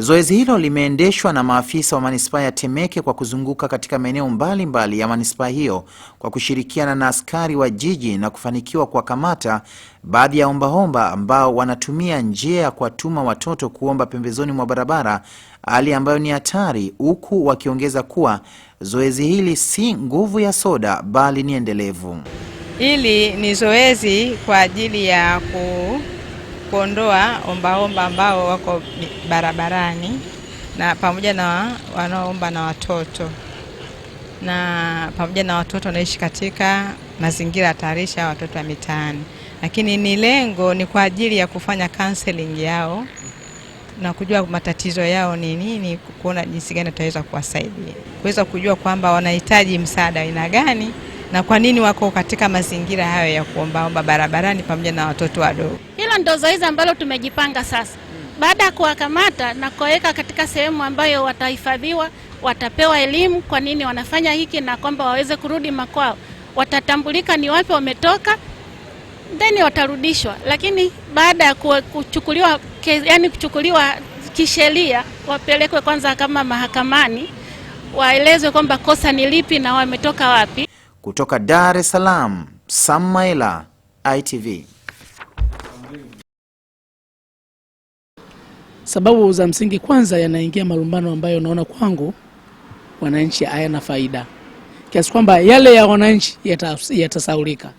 Zoezi hilo limeendeshwa na maafisa wa manispaa ya Temeke kwa kuzunguka katika maeneo mbalimbali ya manispaa hiyo kwa kushirikiana na askari wa jiji na kufanikiwa kuwakamata baadhi ya ombaomba ambao wanatumia njia ya kuwatuma watoto kuomba pembezoni mwa barabara, hali ambayo ni hatari, huku wakiongeza kuwa zoezi hili si nguvu ya soda bali ni endelevu. Hili ni zoezi kwa ajili ya ku kuondoa ombaomba ambao wako barabarani na pamoja na wanaoomba na watoto na pamoja na watoto wanaishi katika mazingira ya watoto wa mitaani. Lakini ni lengo ni kwa ajili ya kufanya counseling yao na kujua matatizo yao ni nini, kuona jinsi gani tutaweza kuwasaidia, kuweza kujua kwamba wanahitaji msaada aina gani na kwa nini wako katika mazingira hayo ya kuombaomba barabarani pamoja na watoto wadogo. Hilo ndo zoezi ambalo tumejipanga sasa, baada ya kuwakamata na kuwaweka katika sehemu ambayo watahifadhiwa, watapewa elimu kwa nini wanafanya hiki na kwamba waweze kurudi makwao, watatambulika ni wapi wametoka then watarudishwa. Lakini baada ya kuchukuliwa, yani kuchukuliwa kisheria, wapelekwe kwanza kama mahakamani, waelezwe kwamba kosa ni lipi na wametoka wapi. Kutoka Dar es Salaam, Sam ITV. Sababu za msingi, kwanza yanaingia malumbano ambayo unaona kwangu wananchi hayana faida, kiasi kwamba yale ya wananchi yatasaulika yata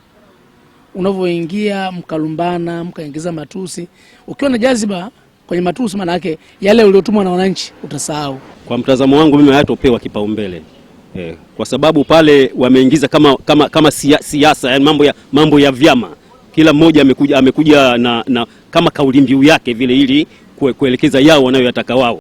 unavyoingia mkalumbana mkaingiza matusi. Ukiwa na jaziba kwenye matusi, maana yake yale uliotumwa na wananchi utasahau. Kwa mtazamo wangu mimi, hayatopewa kipaumbele eh, kwa sababu pale wameingiza kama, kama, kama siasa yani mambo ya, mambo ya vyama kila mmoja amekuja, amekuja na, na kama kauli mbiu yake vile ili kuelekeza yao wanayoyataka wao.